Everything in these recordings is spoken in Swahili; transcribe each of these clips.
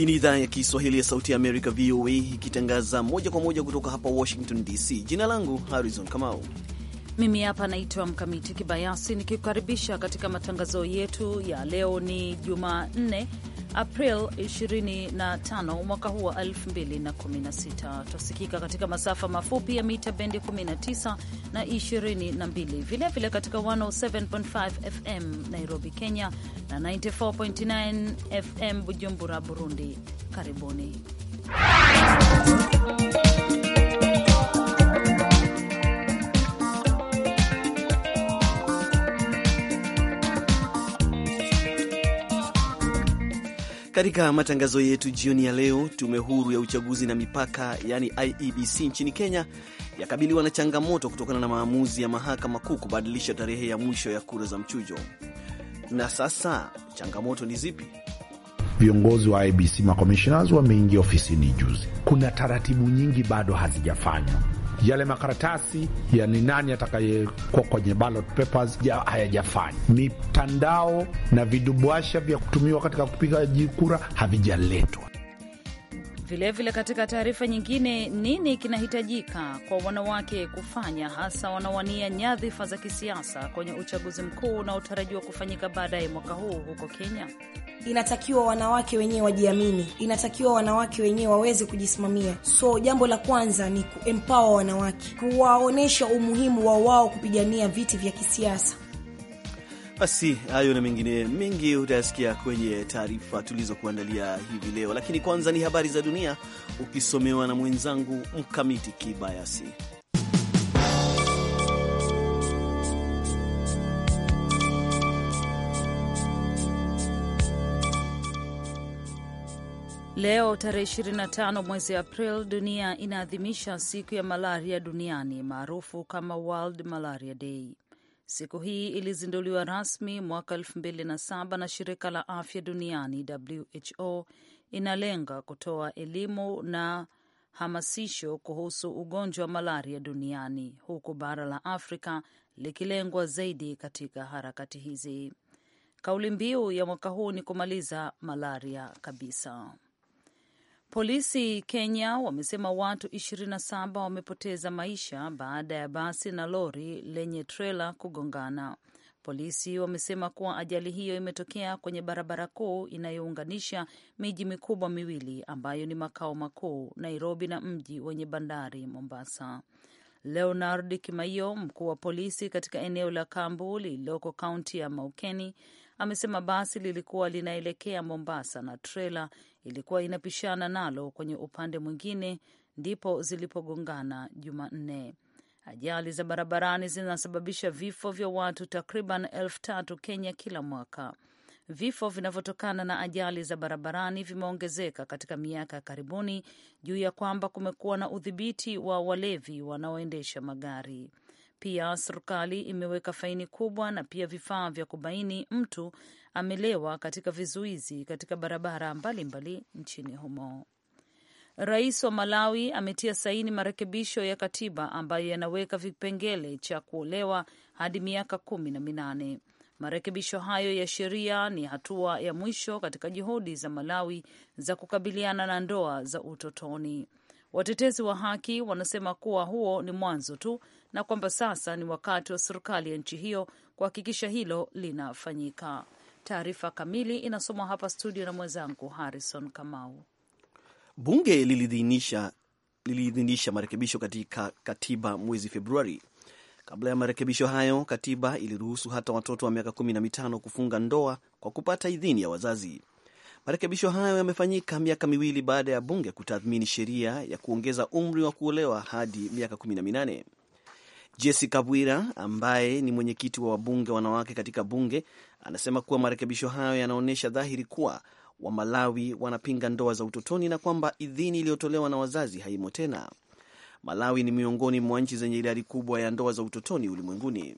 Hii ni idhaa ya Kiswahili ya Sauti ya Amerika, VOA, ikitangaza moja kwa moja kutoka hapa Washington DC. Jina langu Harrison Kamau, mimi hapa naitwa Mkamiti Kibayasi, nikikukaribisha katika matangazo yetu ya leo. Ni Jumanne, April 25 mwaka huu wa 2016. Twasikika katika masafa mafupi ya mita bendi 19 na 22, vilevile katika 107.5 FM Nairobi, Kenya na 94.9 FM Bujumbura, Burundi. Karibuni Katika matangazo yetu jioni ya leo, tume huru ya uchaguzi na mipaka yani IEBC nchini Kenya yakabiliwa na changamoto kutokana na maamuzi ya mahakama kuu kubadilisha tarehe ya mwisho ya kura za mchujo. Na sasa changamoto ni zipi? Viongozi wa ibc e makomishona wameingia ofisini juzi, kuna taratibu nyingi bado hazijafanywa yale makaratasi ya ni nani atakayekuwa kwenye ballot papers hayajafanya. Mitandao na vidubwasha vya kutumiwa katika kupiga kura havijaletwa. Vilevile vile katika taarifa nyingine, nini kinahitajika kwa wanawake kufanya hasa wanawania nyadhifa za kisiasa kwenye uchaguzi mkuu unaotarajiwa kufanyika baadaye mwaka huu huko Kenya? Inatakiwa wanawake wenyewe wajiamini, inatakiwa wanawake wenyewe waweze kujisimamia. So jambo la kwanza ni kuempower wanawake, kuwaonyesha umuhimu wa wao kupigania viti vya kisiasa. Basi hayo na mengine mengi utayasikia kwenye taarifa tulizokuandalia hivi leo, lakini kwanza ni habari za dunia ukisomewa na mwenzangu Mkamiti Kibayasi. Leo tarehe 25 mwezi April, dunia inaadhimisha siku ya malaria duniani maarufu kama World Malaria Day. Siku hii ilizinduliwa rasmi mwaka 2007 na shirika la afya duniani WHO. Inalenga kutoa elimu na hamasisho kuhusu ugonjwa wa malaria duniani, huku bara la Afrika likilengwa zaidi katika harakati hizi. Kauli mbiu ya mwaka huu ni kumaliza malaria kabisa. Polisi Kenya wamesema watu 27 wamepoteza maisha baada ya basi na lori lenye trela kugongana. Polisi wamesema kuwa ajali hiyo imetokea kwenye barabara kuu inayounganisha miji mikubwa miwili ambayo ni makao makuu Nairobi na mji wenye bandari Mombasa. Leonard Kimaiyo, mkuu wa polisi katika eneo la Kambu lililoko kaunti ya Maukeni, amesema basi lilikuwa linaelekea Mombasa na trela ilikuwa inapishana nalo kwenye upande mwingine, ndipo zilipogongana Jumanne. Ajali za barabarani zinasababisha vifo vya watu takriban elfu tatu Kenya kila mwaka. Vifo vinavyotokana na ajali za barabarani vimeongezeka katika miaka ya karibuni juu ya kwamba kumekuwa na udhibiti wa walevi wanaoendesha magari. Pia serikali imeweka faini kubwa na pia vifaa vya kubaini mtu amelewa katika vizuizi katika barabara mbalimbali mbali nchini humo. Rais wa Malawi ametia saini marekebisho ya katiba ambayo yanaweka vipengele cha kuolewa hadi miaka kumi na minane. Marekebisho hayo ya sheria ni hatua ya mwisho katika juhudi za Malawi za kukabiliana na ndoa za utotoni. Watetezi wa haki wanasema kuwa huo ni mwanzo tu na kwamba sasa ni wakati wa serikali ya nchi hiyo kuhakikisha hilo linafanyika. Taarifa kamili inasomwa hapa studio na mwenzangu Harrison Kamau. Bunge liliidhinisha liliidhinisha marekebisho katika katiba mwezi Februari. Kabla ya marekebisho hayo, katiba iliruhusu hata watoto wa miaka kumi na mitano kufunga ndoa kwa kupata idhini ya wazazi. Marekebisho hayo yamefanyika miaka miwili baada ya bunge kutathmini sheria ya kuongeza umri wa kuolewa hadi miaka kumi na minane. Jessica Bwira ambaye ni mwenyekiti wa wabunge wanawake katika bunge anasema kuwa marekebisho hayo yanaonyesha dhahiri kuwa Wamalawi wanapinga ndoa za utotoni na kwamba idhini iliyotolewa na wazazi haimo tena. Malawi ni miongoni mwa nchi zenye idadi kubwa ya ndoa za utotoni ulimwenguni.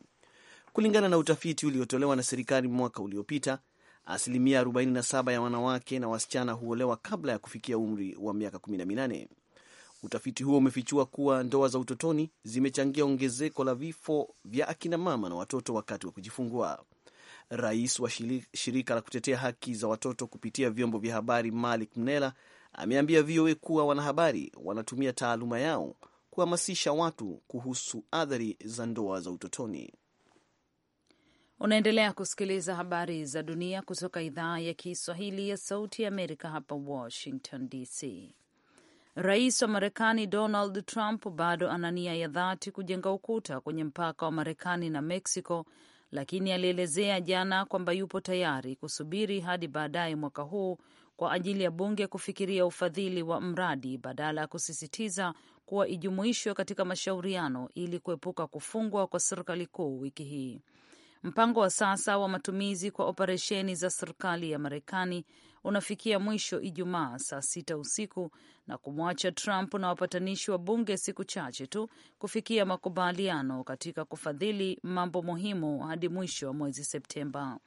Kulingana na utafiti uliotolewa na serikali mwaka uliopita, asilimia 47 ya wanawake na wasichana huolewa kabla ya kufikia umri wa miaka 18. Utafiti huo umefichua kuwa ndoa za utotoni zimechangia ongezeko la vifo vya akina mama na watoto wakati wa kujifungua. Rais wa shirika la kutetea haki za watoto kupitia vyombo vya habari Malik Mnela ameambia VOA kuwa wanahabari wanatumia taaluma yao kuhamasisha watu kuhusu athari za ndoa za utotoni. Unaendelea kusikiliza habari za dunia kutoka idhaa ya Kiswahili ya Sauti ya Amerika hapa Washington DC. Rais wa Marekani Donald Trump bado ana nia ya dhati kujenga ukuta kwenye mpaka wa Marekani na Meksiko, lakini alielezea jana kwamba yupo tayari kusubiri hadi baadaye mwaka huu kwa ajili ya bunge kufikiria ufadhili wa mradi badala ya kusisitiza kuwa ijumuishwe katika mashauriano ili kuepuka kufungwa kwa serikali kuu wiki hii. Mpango wa sasa wa matumizi kwa operesheni za serikali ya Marekani unafikia mwisho Ijumaa saa sita usiku na kumwacha Trump na wapatanishi wa bunge siku chache tu kufikia makubaliano katika kufadhili mambo muhimu hadi mwisho wa mwezi Septemba.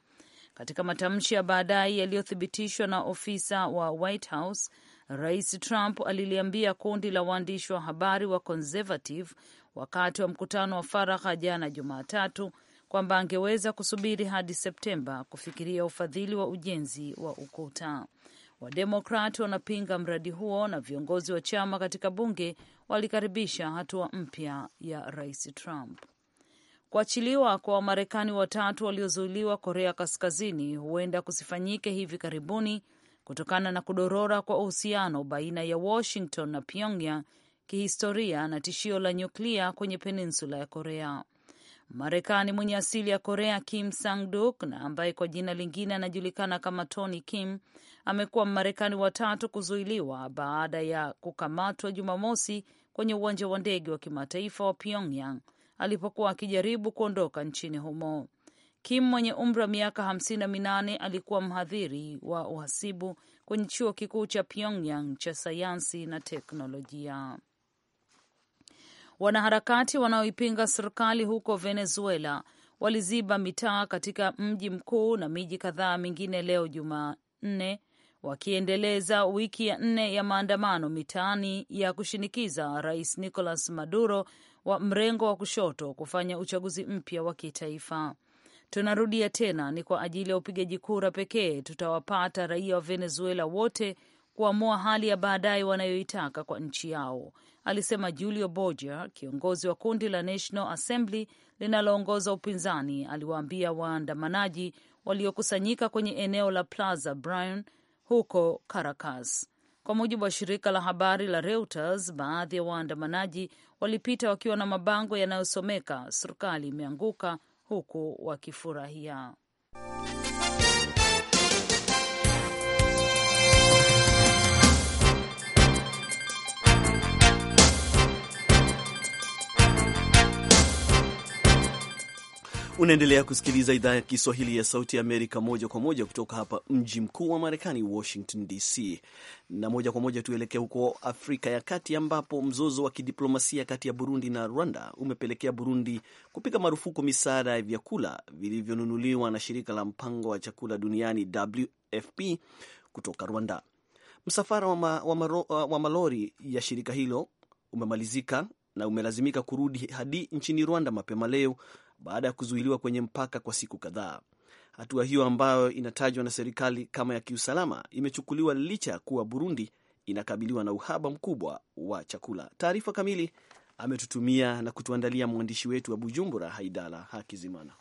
Katika matamshi ya baadaye yaliyothibitishwa na ofisa wa White House, Rais Trump aliliambia kundi la waandishi wa habari wa conservative wakati wa mkutano wa faragha jana Jumatatu kwamba angeweza kusubiri hadi Septemba kufikiria ufadhili wa ujenzi wa ukuta. Wademokrat wanapinga mradi huo na viongozi wa chama katika bunge walikaribisha hatua mpya ya rais Trump. Kuachiliwa kwa Wamarekani watatu waliozuiliwa Korea Kaskazini huenda kusifanyike hivi karibuni kutokana na kudorora kwa uhusiano baina ya Washington na Pyongyang kihistoria na tishio la nyuklia kwenye peninsula ya Korea. Marekani mwenye asili ya Korea Kim Sang Duk na ambaye kwa jina lingine anajulikana kama Tony Kim amekuwa Mmarekani watatu kuzuiliwa baada ya kukamatwa Jumamosi kwenye uwanja wa ndege wa kimataifa wa Pyongyang alipokuwa akijaribu kuondoka nchini humo. Kim mwenye umri wa miaka hamsini na minane alikuwa mhadhiri wa uhasibu kwenye chuo kikuu cha Pyongyang cha sayansi na teknolojia. Wanaharakati wanaoipinga serikali huko Venezuela waliziba mitaa katika mji mkuu na miji kadhaa mingine leo Jumanne, wakiendeleza wiki ya nne ya maandamano mitaani ya kushinikiza Rais Nicolas Maduro wa mrengo wa kushoto kufanya uchaguzi mpya wa kitaifa. Tunarudia tena, ni kwa ajili ya upigaji kura pekee tutawapata raia wa Venezuela wote kuamua hali ya baadaye wanayoitaka kwa nchi yao, alisema Julio Borgia, kiongozi wa kundi la National Assembly linaloongoza upinzani, aliwaambia waandamanaji waliokusanyika kwenye eneo la Plaza Bryan huko Caracas. Kwa mujibu wa shirika la habari la Reuters, baadhi ya waandamanaji walipita wakiwa na mabango yanayosomeka serikali imeanguka, huku wakifurahia. Unaendelea kusikiliza idhaa ya Kiswahili ya Sauti ya Amerika moja kwa moja kutoka hapa mji mkuu wa Marekani, Washington DC. Na moja kwa moja tuelekee huko Afrika ya Kati, ambapo mzozo wa kidiplomasia kati ya Burundi na Rwanda umepelekea Burundi kupiga marufuku misaada ya vyakula vilivyonunuliwa na shirika la mpango wa chakula duniani WFP kutoka Rwanda. Msafara wa, ma, wa, maro, wa malori ya shirika hilo umemalizika na umelazimika kurudi hadi nchini Rwanda mapema leo baada ya kuzuiliwa kwenye mpaka kwa siku kadhaa. Hatua hiyo ambayo inatajwa na serikali kama ya kiusalama imechukuliwa licha ya kuwa Burundi inakabiliwa na uhaba mkubwa wa chakula. Taarifa kamili ametutumia na kutuandalia mwandishi wetu wa Bujumbura, Haidala Hakizimana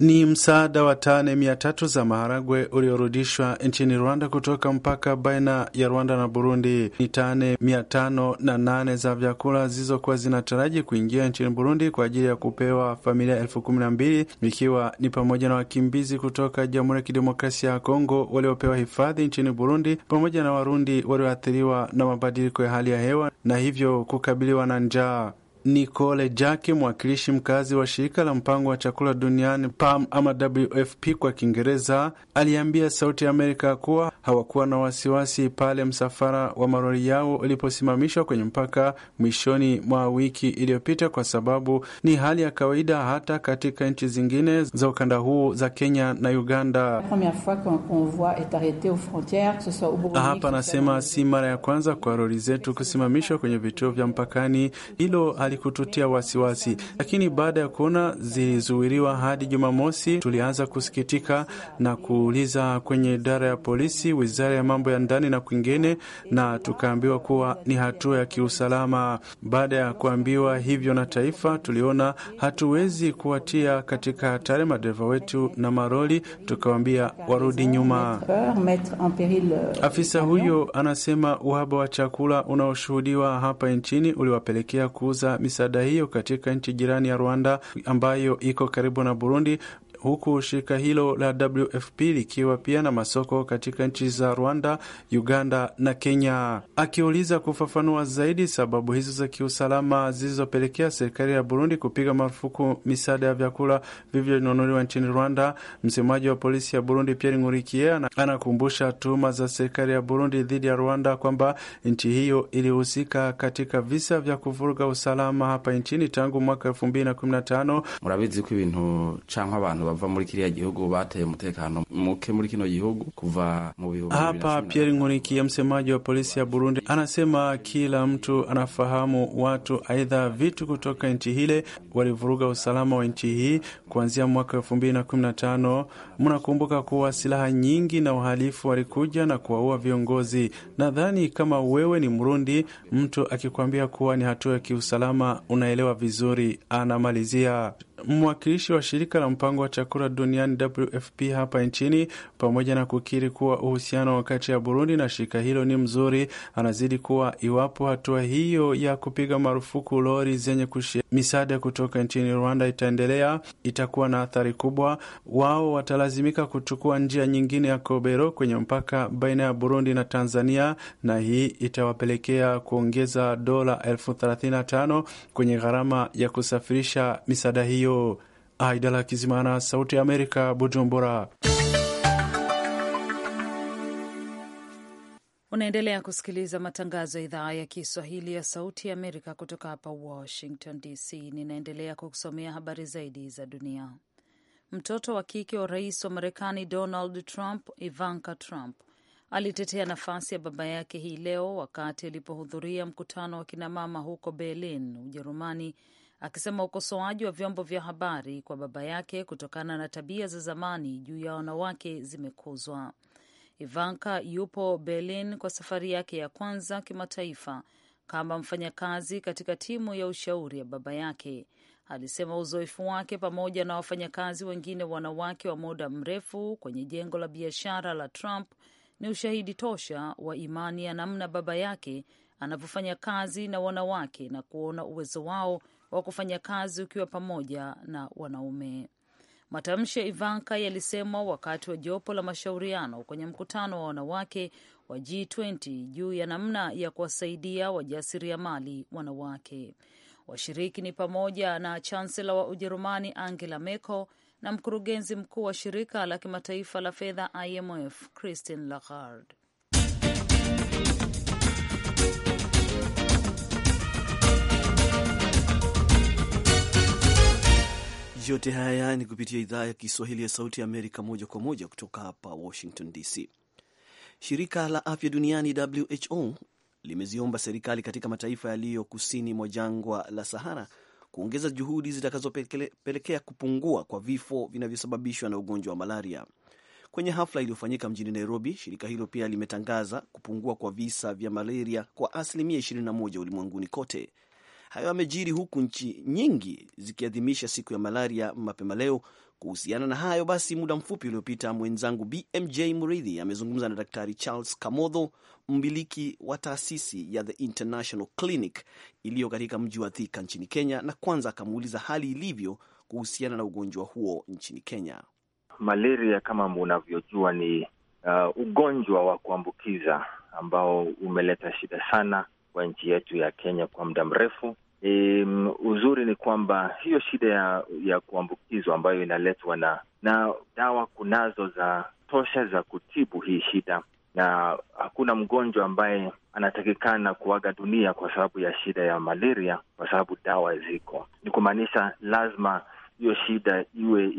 ni msaada wa tane mia tatu za maharagwe uliorudishwa nchini Rwanda kutoka mpaka baina ya Rwanda na Burundi. Ni tane mia tano na nane za vyakula zilizokuwa zinataraji kuingia nchini Burundi kwa ajili ya kupewa familia elfu kumi na mbili ikiwa ni pamoja na wakimbizi kutoka Jamhuri ya Kidemokrasia ya Kongo waliopewa hifadhi nchini Burundi pamoja na Warundi walioathiriwa na mabadiliko ya hali ya hewa na hivyo kukabiliwa na njaa. Nicole Jacke, mwakilishi mkazi wa shirika la mpango wa chakula duniani PAM ama WFP kwa Kiingereza, aliambia Sauti ya Amerika kuwa hawakuwa na wasiwasi pale msafara wa malori yao uliposimamishwa kwenye mpaka mwishoni mwa wiki iliyopita, kwa sababu ni hali ya kawaida hata katika nchi zingine za ukanda huu za Kenya na Uganda. Hapa anasema si mara ya kwanza kwa lori zetu kusimamishwa kwenye vituo vya mpakani, hilo kututia wasiwasi, lakini baada ya kuona zilizuiliwa hadi Jumamosi, tulianza kusikitika na kuuliza kwenye idara ya polisi, wizara ya mambo ya ndani na kwingine, na tukaambiwa kuwa ni hatua ya kiusalama. Baada ya kuambiwa hivyo na taifa, tuliona hatuwezi kuwatia katika hatari madereva wetu na maroli, tukawaambia warudi nyuma. Afisa huyo anasema uhaba wa chakula unaoshuhudiwa hapa nchini uliwapelekea kuuza misaada hiyo katika nchi jirani ya Rwanda ambayo iko karibu na Burundi huku shirika hilo la WFP likiwa pia na masoko katika nchi za Rwanda, Uganda na Kenya. Akiuliza kufafanua zaidi sababu hizo za kiusalama zilizopelekea serikali ya Burundi kupiga marufuku misaada ya vyakula vilivyonunuliwa nchini Rwanda, msemaji wa polisi ya Burundi Pierre Ngurikie anakumbusha tuhuma za serikali ya Burundi dhidi ya Rwanda kwamba nchi hiyo ilihusika katika visa vya kuvuruga usalama hapa nchini tangu mwaka 2015 murabizi ko ibintu canke abantu bava muri kiriya gihugu bateye umutekano muke muri kino gihugu kuva mu bihugu hapa. Pierre Nkurikiye, msemaji wa polisi ya Burundi, anasema kila mtu anafahamu watu aidha vitu kutoka nchi hile walivuruga usalama wa nchi hii kuanzia mwaka elfu mbili na kumi na tano. Mnakumbuka kuwa silaha nyingi na uhalifu walikuja na kuwaua viongozi. Nadhani kama wewe ni Mrundi, mtu akikwambia kuwa ni hatua ya kiusalama unaelewa vizuri, anamalizia mwakilishi wa shirika la mpango wa chakula duniani WFP hapa nchini, pamoja na kukiri kuwa uhusiano kati ya Burundi na shirika hilo ni mzuri, anazidi kuwa iwapo hatua hiyo ya kupiga marufuku lori zenye kushia misaada kutoka nchini Rwanda itaendelea, itakuwa na athari kubwa. Wao watalazimika kuchukua njia nyingine ya Kobero kwenye mpaka baina ya Burundi na Tanzania, na hii itawapelekea kuongeza dola elfu thelathini na tano kwenye gharama ya kusafirisha misaada hiyo redio Aidala Kizimana, Sauti ya Amerika, Bujumbura. Unaendelea kusikiliza matangazo ya idhaa ya Kiswahili ya Sauti ya Amerika kutoka hapa Washington DC. Ninaendelea kukusomea habari zaidi za dunia. Mtoto wa kike wa rais wa Marekani Donald Trump, Ivanka Trump, alitetea nafasi ya baba yake hii leo wakati alipohudhuria mkutano wa kinamama huko Berlin, Ujerumani, akisema ukosoaji wa vyombo vya habari kwa baba yake kutokana na tabia za zamani juu ya wanawake zimekuzwa. Ivanka yupo Berlin kwa safari yake ya kwanza kimataifa kama mfanyakazi katika timu ya ushauri ya baba yake. Alisema uzoefu wake pamoja na wafanyakazi wengine wanawake wa muda mrefu kwenye jengo la biashara la Trump ni ushahidi tosha wa imani ya namna baba yake anavyofanya kazi na wanawake na kuona uwezo wao wa kufanya kazi ukiwa pamoja na wanaume. Matamshi ya Ivanka yalisemwa wakati wa jopo la mashauriano kwenye mkutano wa wanawake wa G20 juu ya namna ya kuwasaidia wajasiriamali wanawake. Washiriki ni pamoja na chansela wa Ujerumani Angela Merkel na mkurugenzi mkuu wa shirika la kimataifa la fedha IMF Christine Lagarde. Yote haya ni kupitia idhaa ya Kiswahili ya Sauti ya Amerika, moja kwa moja kutoka hapa Washington DC. Shirika la Afya Duniani, WHO, limeziomba serikali katika mataifa yaliyo kusini mwa jangwa la Sahara kuongeza juhudi zitakazopelekea kupungua kwa vifo vinavyosababishwa na ugonjwa wa malaria. Kwenye hafla iliyofanyika mjini Nairobi, shirika hilo pia limetangaza kupungua kwa visa vya malaria kwa asilimia 21 ulimwenguni kote Hayo yamejiri huku nchi nyingi zikiadhimisha siku ya malaria mapema leo. Kuhusiana na hayo basi, muda mfupi uliopita mwenzangu BMJ Muridhi amezungumza na Daktari Charles Kamodho, mmiliki wa taasisi ya The International Clinic iliyo katika mji wa Thika nchini Kenya, na kwanza akamuuliza hali ilivyo kuhusiana na ugonjwa huo nchini Kenya. Malaria kama unavyojua ni uh, ugonjwa wa kuambukiza ambao umeleta shida sana wa nchi yetu ya Kenya kwa muda mrefu. E, uzuri ni kwamba hiyo shida ya, ya kuambukizwa ambayo inaletwa na na dawa kunazo za tosha za kutibu hii shida, na hakuna mgonjwa ambaye anatakikana kuaga dunia kwa sababu ya shida ya malaria, kwa sababu dawa ziko. Ni kumaanisha lazima hiyo shida iwe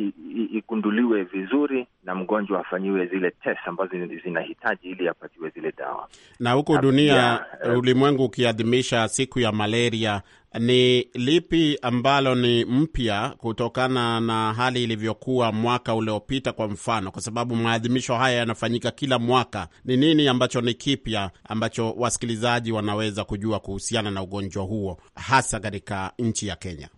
igunduliwe vizuri na mgonjwa afanyiwe zile test ambazo zinahitaji ili apatiwe zile dawa. Na huku dunia uh, ulimwengu ukiadhimisha siku ya malaria, ni lipi ambalo ni mpya kutokana na hali ilivyokuwa mwaka uliopita? Kwa mfano, kwa sababu maadhimisho haya yanafanyika kila mwaka, ni nini ambacho ni kipya ambacho wasikilizaji wanaweza kujua kuhusiana na ugonjwa huo hasa katika nchi ya Kenya?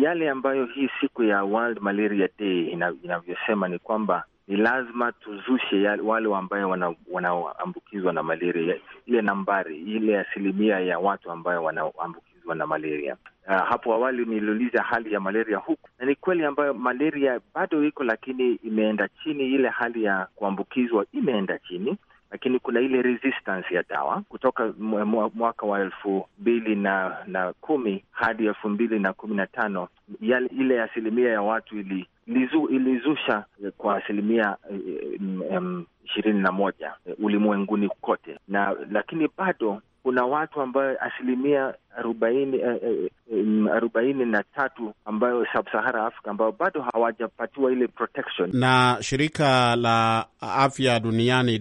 yale ambayo hii siku ya World Malaria Day inavyosema ni kwamba ni lazima tuzushe yale, wale ambayo wanaambukizwa wana na malaria, ile nambari ile asilimia ya watu ambayo wanaambukizwa na malaria. Uh, hapo awali niliuliza hali ya malaria huku, na ni kweli ambayo malaria bado iko, lakini imeenda chini, ile hali ya kuambukizwa imeenda chini, lakini kuna ile resistance ya dawa kutoka mwaka wa elfu mbili na, na kumi hadi elfu mbili na kumi na tano ile asilimia ya watu ili ilizusha kwa asilimia eh, eh, mm, ishirini na moja eh, ulimwenguni kote na lakini bado kuna watu ambayo asilimia arobaini eh, eh, eh, mm, arobaini na tatu ambayo sub Afrika ambayo bado hawajapatiwa ile protection. Na shirika la afya duniani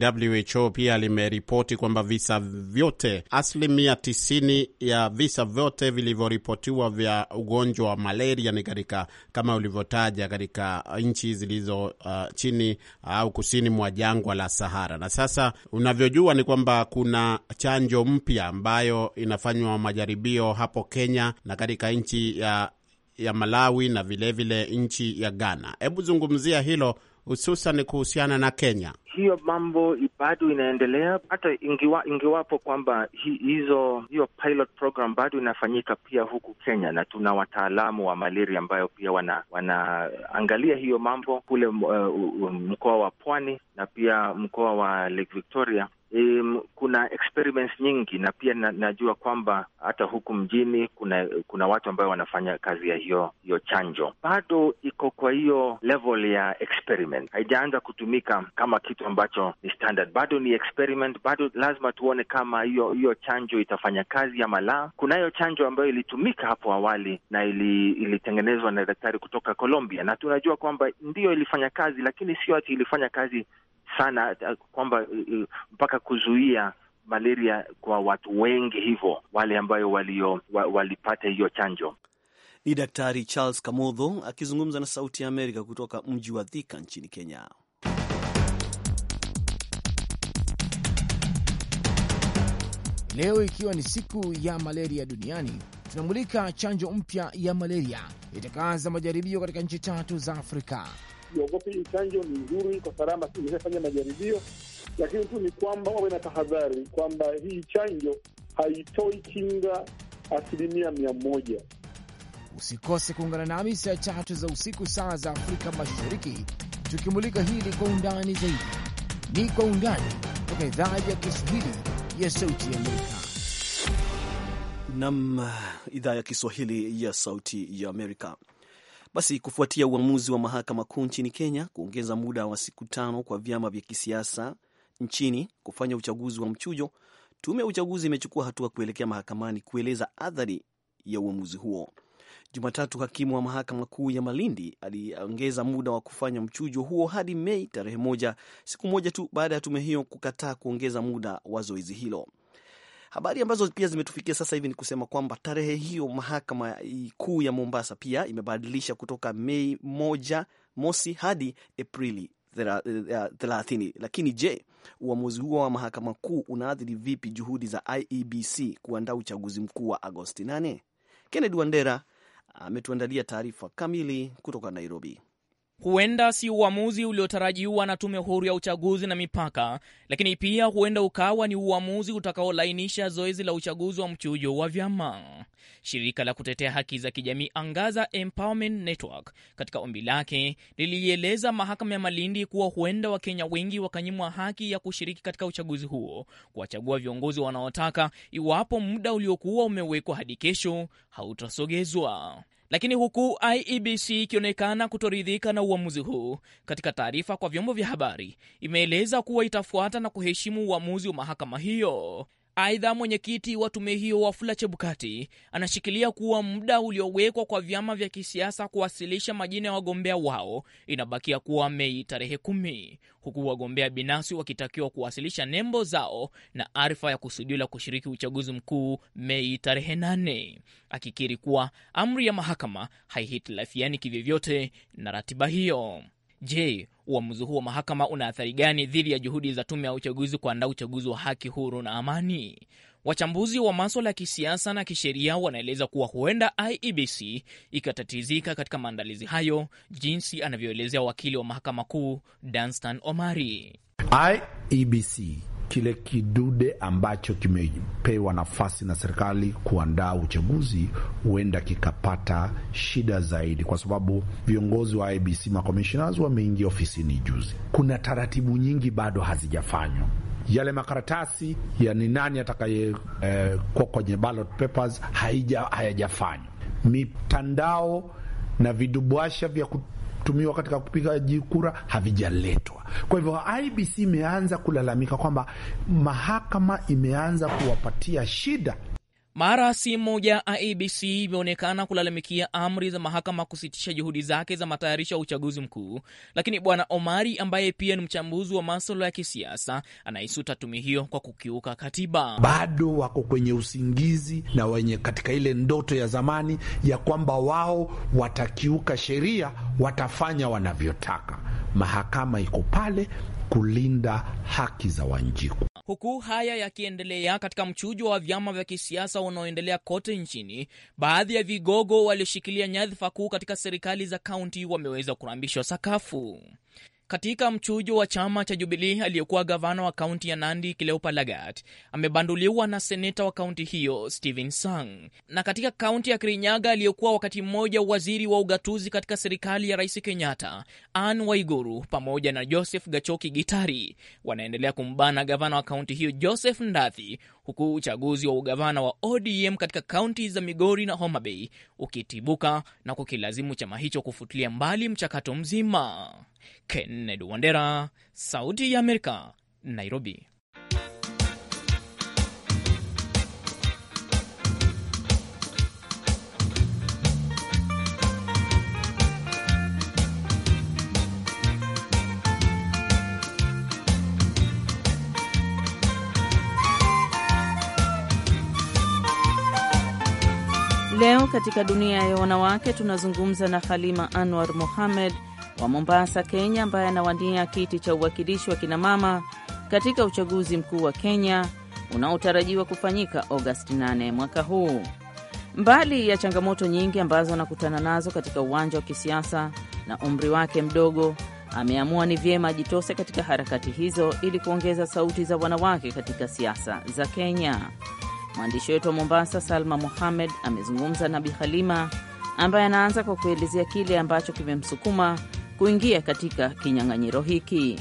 WHO pia limeripoti kwamba visa vyote, asilimia tisini ya visa vyote vilivyoripotiwa vya ugonjwa wa malaria ni katika, kama ulivyotaja, katika nchi zilizo uh, chini au uh, kusini mwa jangwa la Sahara. Na sasa unavyojua ni kwamba kuna chanjo mpya mpya ambayo inafanywa majaribio hapo Kenya na katika nchi ya, ya Malawi na vilevile vile nchi ya Ghana. Hebu zungumzia hilo hususan kuhusiana na Kenya. Hiyo mambo bado inaendelea, hata ingiwa, ingiwapo kwamba hi, hizo hiyo pilot program bado inafanyika pia huku Kenya, na tuna wataalamu wa malaria ambayo pia wanaangalia wana hiyo mambo kule uh, mkoa wa Pwani na pia mkoa wa Lake Victoria um, kuna experiments nyingi na pia na, najua kwamba hata huku mjini kuna kuna watu ambao wanafanya kazi ya hiyo hiyo chanjo. Bado iko kwa hiyo level ya experiment, haijaanza kutumika kama kitu ambacho ni standard, bado ni experiment, bado lazima tuone kama hiyo hiyo chanjo itafanya kazi ama la. Kunayo chanjo ambayo ilitumika hapo awali na ili, ilitengenezwa na daktari kutoka Colombia, na tunajua kwamba ndiyo ilifanya kazi, lakini sio ati ilifanya kazi sana eh, kwamba eh, eh, mpaka kuzuia malaria kwa watu wengi hivyo wale ambayo walio, wa, walipata hiyo chanjo. Ni Daktari Charles Kamodho akizungumza na Sauti ya Amerika kutoka mji wa Thika nchini Kenya. Leo ikiwa ni siku ya malaria duniani, tunamulika chanjo mpya ya malaria itakaanza majaribio katika nchi tatu za Afrika siogopi. Hii chanjo ni nzuri kwa salama, imeshafanya majaribio, lakini tu ni kwamba wawe na tahadhari kwamba hii chanjo haitoi kinga asilimia mia moja. Usikose kuungana nami saa tatu za usiku, saa za Afrika Mashariki, tukimulika hili kwa undani zaidi. Ni Kwa Undani kutoka idhaa ya Kiswahili ya Sauti ya Amerika. Nam, idhaa ya Kiswahili ya Sauti ya Amerika. Basi kufuatia uamuzi wa mahakama kuu nchini Kenya kuongeza muda wa siku tano kwa vyama vya kisiasa nchini kufanya uchaguzi wa mchujo, tume ya uchaguzi imechukua hatua kuelekea mahakamani kueleza athari ya uamuzi huo. Jumatatu, hakimu wa mahakama kuu ya Malindi aliongeza muda wa kufanya mchujo huo hadi Mei tarehe moja, siku moja tu baada ya tume hiyo kukataa kuongeza muda wa zoezi hilo. Habari ambazo pia zimetufikia sasa hivi ni kusema kwamba tarehe hiyo mahakama kuu ya Mombasa pia imebadilisha kutoka Mei moja mosi hadi Aprili 30. Eh, Lakini je, uamuzi huo wa mahakama kuu unaathiri vipi juhudi za IEBC kuandaa uchaguzi mkuu wa Agosti 8? Kennedy Wandera ametuandalia taarifa kamili kutoka Nairobi huenda si uamuzi uliotarajiwa na Tume Huru ya Uchaguzi na Mipaka, lakini pia huenda ukawa ni uamuzi utakaolainisha zoezi la uchaguzi wa mchujo wa vyama. Shirika la kutetea haki za kijamii Angaza Empowerment Network katika ombi lake lilieleza mahakama ya Malindi kuwa huenda Wakenya wengi wakanyimwa haki ya kushiriki katika uchaguzi huo, kuwachagua viongozi wanaotaka, iwapo muda uliokuwa umewekwa hadi kesho hautasogezwa. Lakini huku IEBC ikionekana kutoridhika na uamuzi huu, katika taarifa kwa vyombo vya habari imeeleza kuwa itafuata na kuheshimu uamuzi wa mahakama hiyo. Aidha, mwenyekiti wa tume hiyo Wafula Chebukati anashikilia kuwa muda uliowekwa kwa vyama vya kisiasa kuwasilisha majina ya wagombea wao inabakia kuwa Mei tarehe kumi, huku wagombea binafsi wakitakiwa kuwasilisha nembo zao na arifa ya kusudio la kushiriki uchaguzi mkuu Mei tarehe nane, akikiri kuwa amri ya mahakama haihitilafiani kivyovyote na ratiba hiyo. Je, uamuzi huu wa mahakama una athari gani dhidi ya juhudi za tume ya uchaguzi kuandaa uchaguzi wa haki, huru na amani? Wachambuzi wa maswala ya kisiasa na kisheria wanaeleza kuwa huenda IEBC ikatatizika katika maandalizi hayo, jinsi anavyoelezea wakili wa mahakama kuu Danstan Omari. IEBC kile kidude ambacho kimepewa nafasi na serikali kuandaa uchaguzi huenda kikapata shida zaidi, kwa sababu viongozi wa IBC macommissioners wameingia ofisini juzi. Kuna taratibu nyingi bado hazijafanywa yale makaratasi ya ni nani atakayekuwa eh, kwenye ballot papers hayajafanywa. Mitandao na vidubwasha vya kutumiwa katika kupigaji kura havijaletwa. Kwa hivyo IBC imeanza kulalamika kwamba mahakama imeanza kuwapatia shida mara si moja IEBC imeonekana kulalamikia amri za mahakama kusitisha juhudi zake za matayarisho ya uchaguzi mkuu, lakini Bwana Omari ambaye pia ni mchambuzi wa maswala ya kisiasa anaisuta tume hiyo kwa kukiuka katiba. Bado wako kwenye usingizi na wenye katika ile ndoto ya zamani ya kwamba wao watakiuka sheria, watafanya wanavyotaka. Mahakama iko pale kulinda haki za Wanjiku. Huku haya yakiendelea katika mchujo wa vyama vya kisiasa unaoendelea kote nchini, baadhi ya vigogo walioshikilia nyadhifa kuu katika serikali za kaunti wameweza kurambishwa sakafu. Katika mchujo wa chama cha Jubilii, aliyekuwa gavana wa kaunti ya Nandi Kileupa Lagat amebanduliwa na seneta wa kaunti hiyo Stephen Sang, na katika kaunti ya Kirinyaga aliyekuwa wakati mmoja waziri wa ugatuzi katika serikali ya Rais Kenyatta Anne Waiguru pamoja na Joseph Gachoki Gitari wanaendelea kumbana gavana wa kaunti hiyo Joseph Ndathi, huku uchaguzi wa ugavana wa ODM katika kaunti za Migori na Homa Bay ukitibuka na kukilazimu chama hicho kufutilia mbali mchakato mzima. Kennedy Wandera, Sauti ya Amerika, Nairobi. Leo katika dunia ya wanawake tunazungumza na Halima Anwar Mohamed wa Mombasa, Kenya, ambaye anawania kiti cha uwakilishi wa kinamama katika uchaguzi mkuu wa Kenya unaotarajiwa kufanyika Agosti 8 mwaka huu. Mbali ya changamoto nyingi ambazo anakutana nazo katika uwanja wa kisiasa na umri wake mdogo, ameamua ni vyema ajitose katika harakati hizo ili kuongeza sauti za wanawake katika siasa za Kenya. Mwandishi wetu wa Mombasa, Salma Mohamed, amezungumza na Bi Halima ambaye anaanza kwa kuelezea kile ambacho kimemsukuma kuingia katika kinyang'anyiro hiki.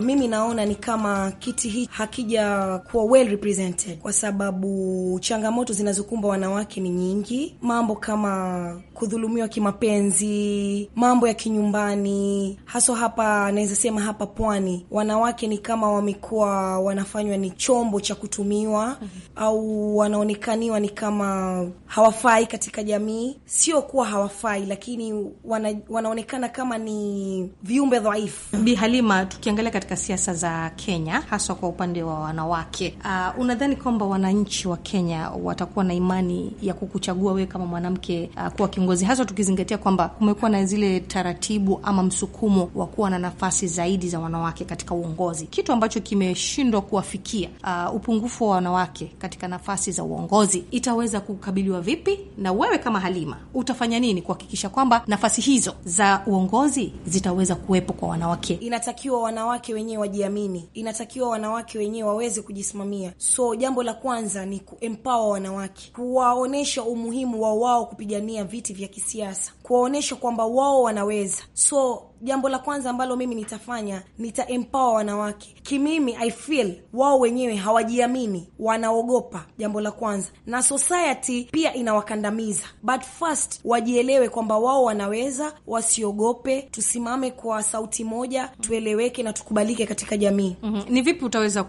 Mimi naona ni kama kiti hii hakija kuwa well represented, kwa sababu changamoto zinazokumba wanawake ni nyingi, mambo kama kudhulumiwa kimapenzi, mambo ya kinyumbani, haswa hapa naweza sema hapa pwani wanawake ni kama wamekuwa wanafanywa ni chombo cha kutumiwa, mhm. au wanaonekaniwa ni kama hawafai katika jamii. Sio kuwa hawafai, lakini wana, wanaonekana kama ni viumbe dhaifu. Bi Halima, tukiangalia katika siasa za Kenya, haswa kwa upande wa wanawake. Uh, unadhani kwamba wananchi wa Kenya watakuwa na imani ya kukuchagua wewe kama mwanamke uh, kuwa kiongozi, haswa tukizingatia kwamba kumekuwa na zile taratibu ama msukumo wa kuwa na nafasi zaidi za wanawake katika uongozi, kitu ambacho kimeshindwa kuwafikia. Uh, upungufu wa wanawake katika nafasi za uongozi itaweza kukabiliwa vipi? Na wewe kama Halima utafanya nini kuhakikisha kwamba nafasi hizo za uongozi zitaweza kuwepo kwa wanawake? Inatakiwa wanawake wanawake wenyewe wajiamini, inatakiwa wanawake wenyewe waweze kujisimamia. So jambo la kwanza ni kuempower wanawake, kuwaonesha umuhimu wa wao kupigania viti vya kisiasa, kuwaonyesha kwamba wao wanaweza. So jambo la kwanza ambalo mimi nitafanya nita empower wanawake kimimi. I feel wao wenyewe hawajiamini, wanaogopa, jambo la kwanza, na society pia inawakandamiza, but first wajielewe kwamba wao wanaweza, wasiogope. Tusimame kwa sauti moja, tueleweke na tukubalike katika jamii. mm -hmm. Ni vipi utaweza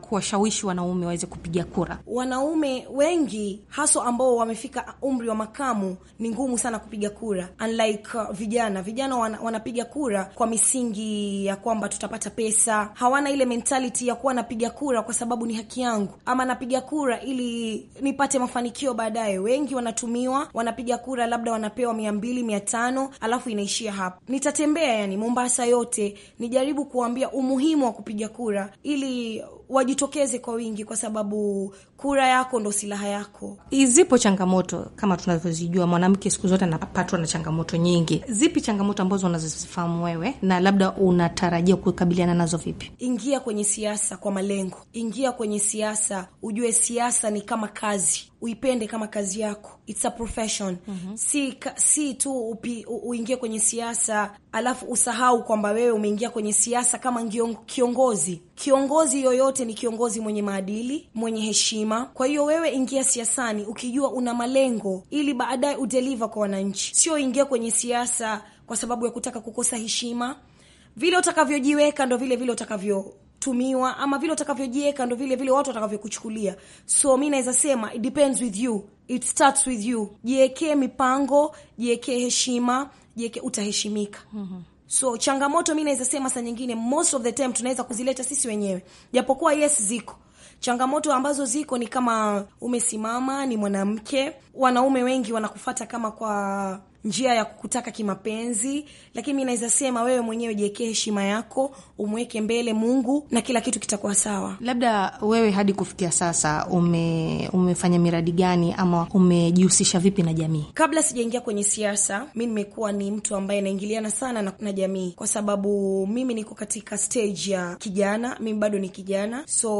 kuwashawishi kuwa wanaume waweze kupiga kura? Wanaume wengi haswa ambao wamefika umri wa makamu, ni ngumu sana kupiga kura kura unlike uh, vijana vijana wana, wanapiga kura kwa misingi ya kwamba tutapata pesa. Hawana ile mentality ya kuwa napiga kura kwa sababu ni haki yangu, ama napiga kura ili nipate mafanikio baadaye. Wengi wanatumiwa, wanapiga kura labda wanapewa mia mbili mia tano alafu inaishia hapo. Nitatembea yani Mombasa yote nijaribu kuambia umuhimu wa kupiga kura ili wajitokeze kwa wingi, kwa sababu kura yako ndo silaha yako. Zipo changamoto kama tunavyozijua, mwanamke siku zote anapatwa na changamoto nyingi. Zipi changamoto ambazo unazozifahamu wewe na labda unatarajia kukabiliana nazo vipi? Ingia kwenye siasa kwa malengo, ingia kwenye siasa, ujue siasa ni kama kazi uipende kama kazi yako, it's a profession mm -hmm. Si, si tu upi, u, uingie kwenye siasa alafu usahau kwamba wewe umeingia kwenye siasa kama ngion, kiongozi. Kiongozi yoyote ni kiongozi mwenye maadili, mwenye heshima. Kwa hiyo wewe ingia siasani ukijua una malengo, ili baadaye udeliver kwa wananchi, sio ingia kwenye siasa kwa sababu ya kutaka kukosa heshima. Vile utakavyojiweka ndo vile vile utakavyo kutumiwa ama vile utakavyojiweka ndo vile vile watu watakavyokuchukulia. So mi naweza sema it depends with you, it starts with you. Jiwekee mipango, jiwekee heshima, jiwekee, utaheshimika. mm -hmm. So changamoto mi naweza sema saa nyingine, most of the time tunaweza kuzileta sisi wenyewe, japokuwa yes ziko changamoto ambazo ziko ni kama umesimama, ni mwanamke, wanaume wengi wanakufata kama kwa njia ya kukutaka kimapenzi, lakini mi naweza sema wewe mwenyewe jiwekee heshima yako, umweke mbele Mungu na kila kitu kitakuwa sawa. Labda wewe hadi kufikia sasa ume, umefanya miradi gani ama umejihusisha vipi na jamii? Kabla sijaingia kwenye siasa, mi nimekuwa ni mtu ambaye naingiliana sana na, na jamii kwa sababu mimi niko katika stage ya kijana, mimi bado ni kijana, so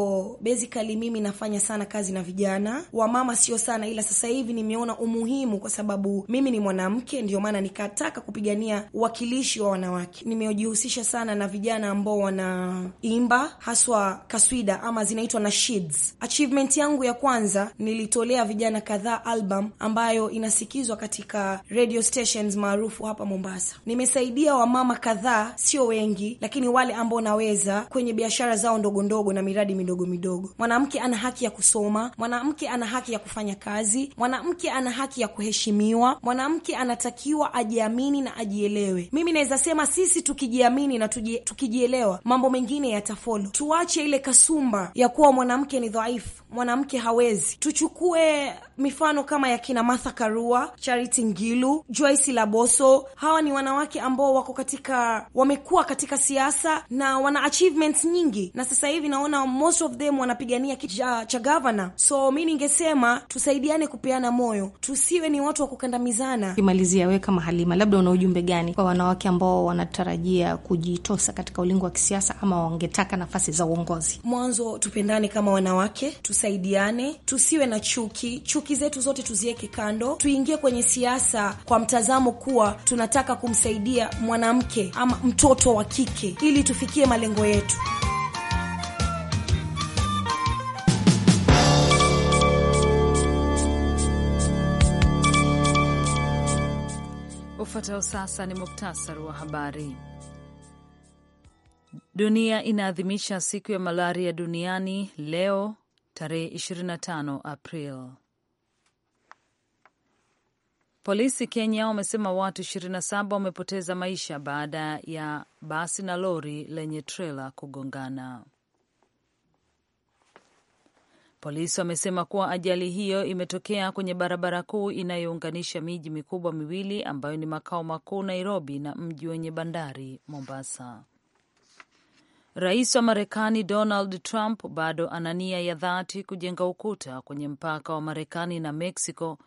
basically mimi nafanya sana kazi na vijana. Wamama sio sana, ila sasa hivi nimeona umuhimu kwa sababu mimi ni mwanamke mwanamke, ndio maana nikataka kupigania uwakilishi wa wanawake. Nimejihusisha sana na vijana ambao wanaimba haswa kaswida ama zinaitwa na shids. Achievement yangu ya kwanza nilitolea vijana kadhaa album ambayo inasikizwa katika radio stations maarufu hapa Mombasa. Nimesaidia wamama kadhaa, sio wengi, lakini wale ambao naweza kwenye biashara zao ndogo ndogo na miradi midogo midogo. Mwanamke ana haki ya kusoma, mwanamke ana haki ya kufanya kazi, mwanamke ana haki ya kuheshimiwa, mwanamke ana anatakiwa ajiamini na ajielewe. Mimi naweza sema sisi tukijiamini na tukijielewa mambo mengine yatafolo. Tuache ile kasumba ya kuwa mwanamke ni dhaifu, mwanamke hawezi. Tuchukue mifano kama ya kina Martha Karua, Charity Ngilu, Joyce Laboso. Hawa ni wanawake ambao wako katika, wamekuwa katika siasa na wana achievements nyingi, na sasa hivi naona most of them wanapigania kiti cha governor. So mi ningesema tusaidiane kupeana moyo, tusiwe ni watu wa kukandamizana. Kimalizia we kama Halima, labda una ujumbe gani kwa wanawake ambao wanatarajia kujitosa katika ulingo wa kisiasa ama wangetaka nafasi za uongozi? Mwanzo tupendane kama wanawake, tusaidiane, tusiwe na chuki chuki chuki zetu zote tuziweke kando, tuingie kwenye siasa kwa mtazamo kuwa tunataka kumsaidia mwanamke ama mtoto wa kike ili tufikie malengo yetu. Ufuatao sasa ni muktasari wa habari. Dunia inaadhimisha siku ya malaria duniani leo tarehe 25 Aprili. Polisi Kenya wamesema watu 27 wamepoteza maisha baada ya basi na lori lenye trela kugongana. Polisi wamesema kuwa ajali hiyo imetokea kwenye barabara kuu inayounganisha miji mikubwa miwili ambayo ni makao makuu Nairobi na mji wenye bandari Mombasa. Rais wa Marekani Donald Trump bado ana nia ya dhati kujenga ukuta kwenye mpaka wa Marekani na Mexico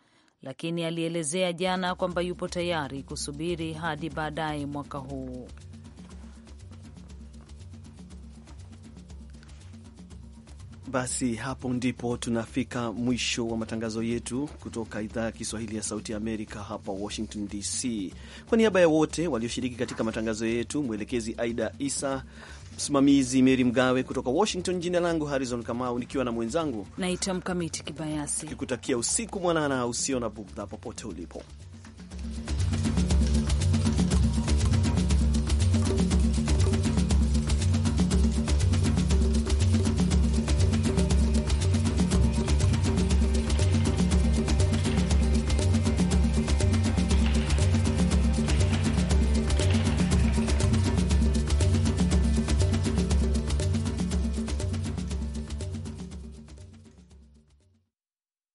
lakini alielezea jana kwamba yupo tayari kusubiri hadi baadaye mwaka huu. Basi hapo ndipo tunafika mwisho wa matangazo yetu kutoka idhaa ya Kiswahili ya Sauti ya Amerika hapa Washington DC. Kwa niaba ya wote walioshiriki katika matangazo yetu, mwelekezi Aida Isa Msimamizi Meri Mgawe kutoka Washington. Jina langu Harrison Kamau, nikiwa na mwenzangu naitwa Mkamiti Kibayasi, tukikutakia usiku mwanana usio na bughudha popote ulipo.